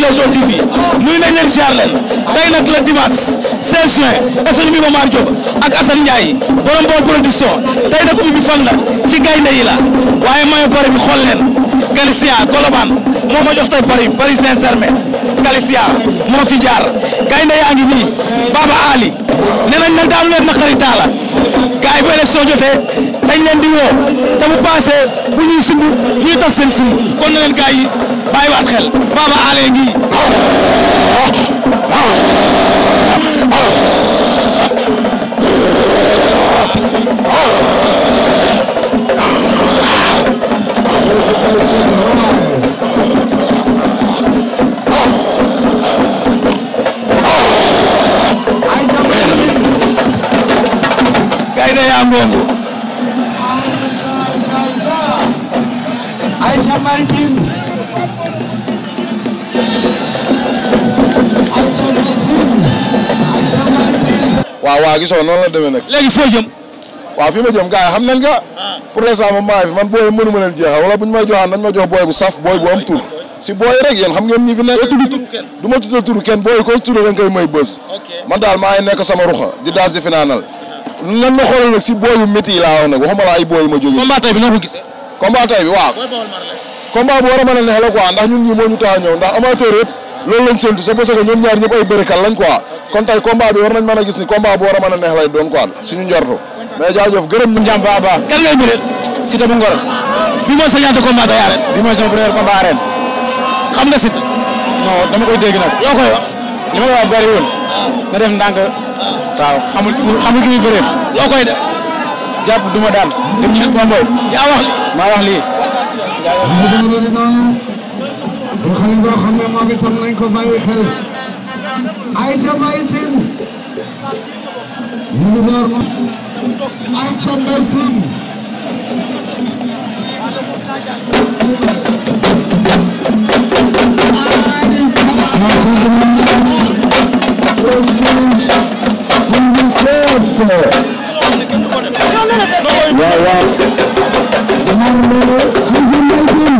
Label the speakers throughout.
Speaker 1: Leewtoo TV nuyu nañ leen ziar leen tey nag le dimanche 16 juin stade Iba Mar Diop ak Assane Ndiaye borom borom production tey nag ubbi bi fan la ci gaynde yi la waaye mayo pare bi xool leen Galicia Colobane moo ma jox tey Paris Paris Saint-Germain Galicia moo fi jaar gaynde yaa ngi nii Baba Ali nee nañ nag daal leen naqari taala gars yi ba élection jotee dañ leen di woo te bu passé bu ñuy simb ñuy tas seen simb kon na leen gars yi bàyyiwaat xel Baba Alé ngi waaw waaw gisoo noonu la demee nag. léegi foo jëm. waaw fi ma jëm gars xam nañ ka ah. pour l'instant moom maa fi man booy mënu ma leen jeexal wala bu ñu may joxaan nañ ma jox booy bu saf booy bu am tur si booy rek yéen xam ngeen ñi fi nekk. tudd du ma tudd turu kenn booy ko tudd da nga koy may bës. man daal maa ngi nekk sama ruxa di daas di finaanal. nan ma xoolal nag si booy yu métti yi laa wax nag waxuma la ay booy yu ma jógee. combat tey bi noo ko gisee. combat tey bi waaw. combat bu war a mën a neex la quoi ndax ñun ñii moo ñu tax a ñëw ndax amateur yëpp loolu lañ séntu c'est parce que ñoom ñaar ñëpp ay bërëkal lañ quoi kon tey combat bi war nañ a gis ni combat bu war a a neex lay doon quoi suñu njortu mais jaajëf gërëm ñu jàmm baax baax kan ngay sa ñaata combat day arène bi mooy sama premier combat arène xam nga Siteu non dama koy dégg nag yoo koy ah. na def ndànk waaw xamul xamul ki muy bëree yoo koy def jàpp duma daan dem ñu nit moom booy yaa wax maa wax lii mu ngi noonu bu xale boo xam ne moom itam nañ ko bàyyi xel ay ca Mbaye Tine mu ngi door moom ay ca Mbaye Tine Wow, wow. Thank you.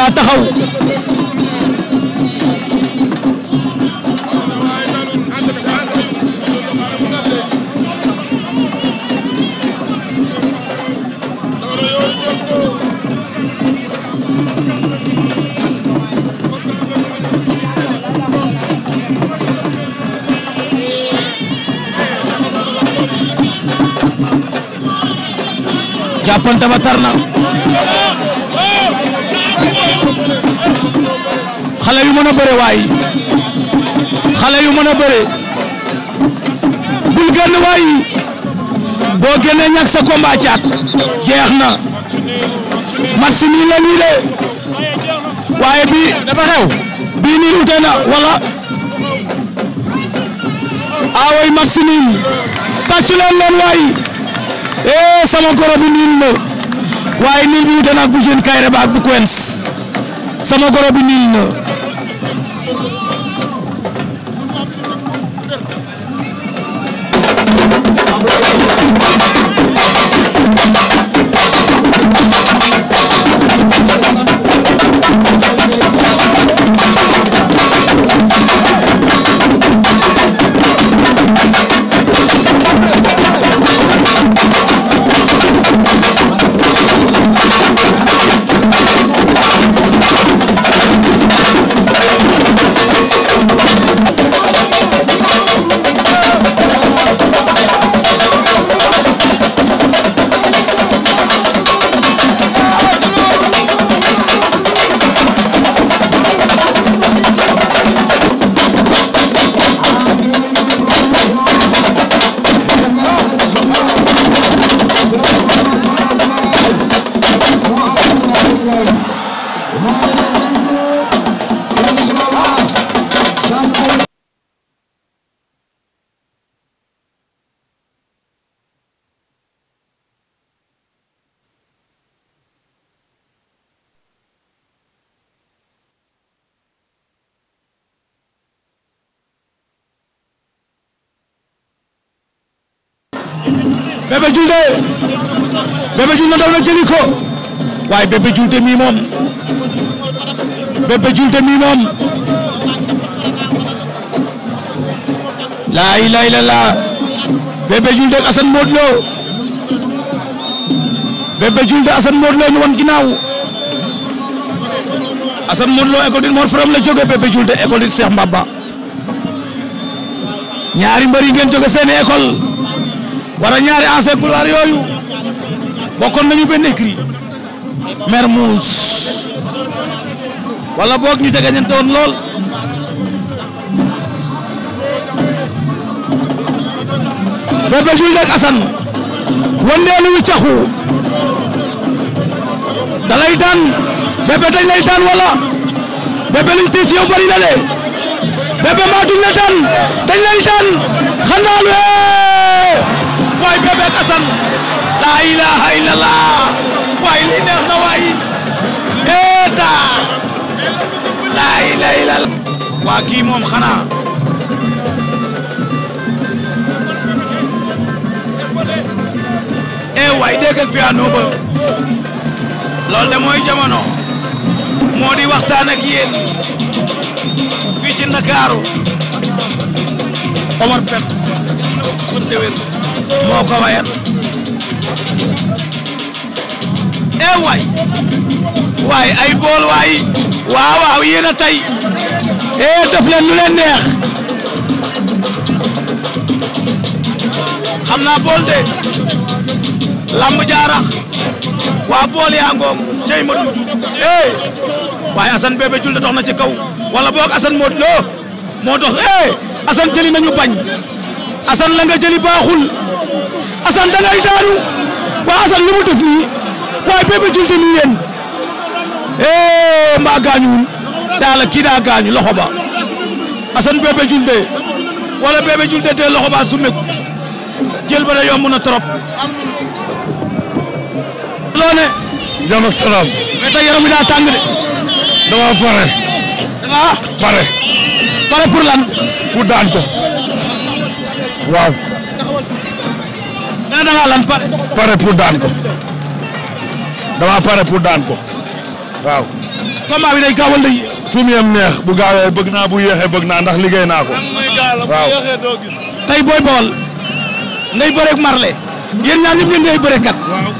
Speaker 1: daa taxaw jàppante ba tar na xale yu mën a bëre waay xale yu mën a bëre bul génn waay boo génnee ñàkk sa combat caat jeex na match nii la nii de waaye bii dafa xew bii nii ute na wala aaway ah, match nii tàcc leen leen waay eh sama goro bi nii na waaye nii bi ute na ak kayre ba bu Quench sama goro bi nii na. Thank you. Bébé Diouldé Bébé Diouldé daw mi moom Bébé Diouldé mi moom laa ilaaha illallaah Bébé Diouldé ak Assane Modou Bébé Diouldé Assane Modou Lo ñu wan ginnaaw Assane Modou Lo école de Mor Faram la jóge Bébé Diouldé école de Cheikh Mbaba ñaari mbër ngeen jóge seen école wara ñaari ancien yooyu bokkoon nañu benn écrit Mermoz wala boog ñu jegeñante woon lool Bébé Jules ak Assane wandeelu wi caxu da lay daan Bébé dañ lay daan wala Bébé liñ téye ci maa duñ la daan dañ lay daan eh! booy bébé ak Assane la ilaha illallah waay li neex na waay eta la ilaha illallah waa kii moom xanaa eh waay déggal piano ba loolu de mooy jamono moo di waxtaan ak fii ci Ndakaaru Omar Pène moo ko wayal ee waay ay bool waay waaw waaw yéen a tey ee def leen lu leen xam naa bool de lamb jaarax waa bool yaa ngoog cey ma dund ee waaye Assane bébé jul da dox na ci kaw wala boog Assane moo loo moo dox ee Assane jëli nañu bañ Assane la nga jëli baaxul Assane da ngay daanu waa Assane lu mu def nii waaye Bébé Diouldé nii yéen eh mbaa gaañuwul daal kii gaañu loxo ba Assane Bébé Diouldé wala Bébé Diouldé te loxo ba su meeku jël ba da yomb na trop. loo ne. jàmm ak daa tàng de. dama pare. dama ah. pare. pare pour lan. pour daan ko. waaw. nee na nga pare. pare daan ko. dama pare pour daan ko. waaw. fu mu yem neex bu gaawee bëgg naa bu yéexee bëgg naa ndax liggéey naa ko. waaw tey booy bool. ndey bëreeg marle. yéen ñaar ñëpp ñoom ñooy bëreekat. waaw.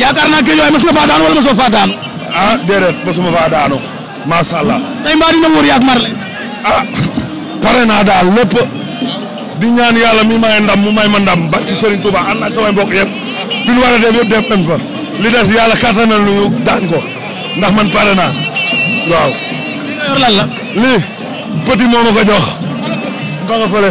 Speaker 1: yaakaar naa géej waaye mos faa daan wala mosoo faa daan. ah déedéet mosuma faa daanu. macha allah. tey mbaa dina wóor yaag ah pare naa daal lépp. di ñaan yàlla mi may ndam mu may ma ndam ba ci Serigne Touba ànd ak samay mbokk yëpp fi ñu war a def li des yàlla kattanal ñu daan ko ndax man pare naa waaw. li nga yor lan jox ba nga fële.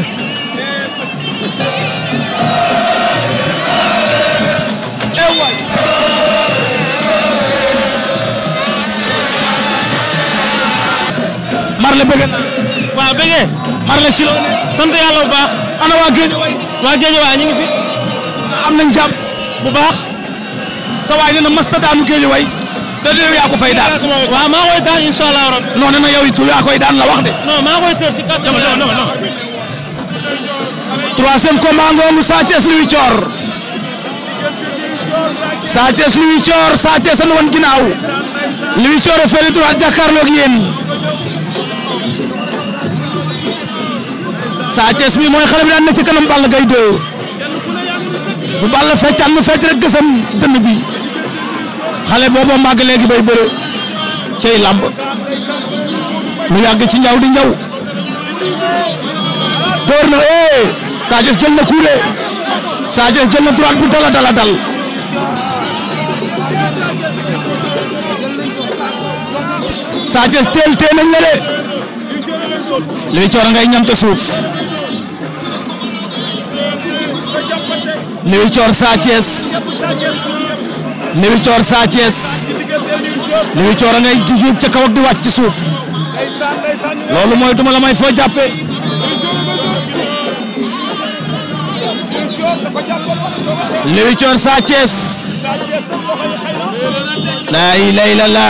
Speaker 1: Eh, Marley bëgg waaw bëggee Marley si loolu sant yàlla ana waa géej waa géej waa ñu fi am nañ jàmm bu baax sa waay nee na masta daanu géej way te yow yaa ko fay daan maa koy daan incha allah na yow it yaa koy daan la wax de non maa koy tër si kàttan non non non troisième combat Sa wan ginnaaw Louis Thior a fële droit jàkkaarloo ak yéen Sa Thiès mi mooy xale bi daan nekk ci kanam Balla Gaye 2 bu Balla feccaan mu fecc rek gësam dënn bi xale boobu màgg léegi bay bëre cey làmb mu yàgg ci ñaw di ñaw door na eh Sa jël na coup de jël na droite bu dala dala dal Sa Thiès teel teel nañ la li coor ngay ñam ca suuf
Speaker 2: Léwi Coor Sa Thiès
Speaker 1: Léwi Coor Sa a ngay juug ca kaw di wàcc ci suuf loolu mooy duma la may foo jàppe Léwi Coor Sa Thiès lay lay la la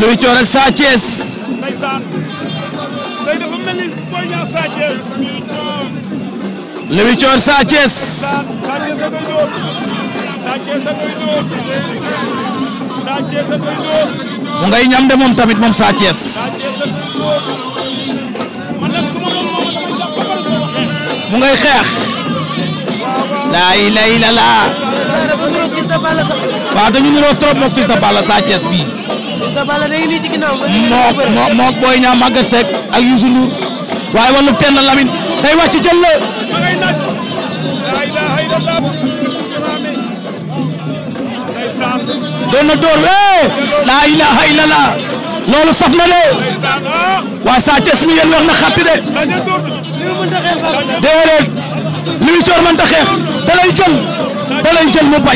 Speaker 1: luy coor ak Sa Thiès luy coor Sa Thiès mu ngay ñam de moom tamit moom Sa Thiès mu ngay xeex laa ilaaha illallaah waaw dañu niroo trop moog Fils de Balla Sa Thiès bii. Fils de Balla ak Youssou Ndour waaye wàllu teen la Lamine tey wàcc jël la.
Speaker 2: doon na eh! laa ilaaha illallah
Speaker 1: loolu saf na de waaye mi yéen na xatti de. déedéet li soor mënta xeex da lay jël. da lay jël mu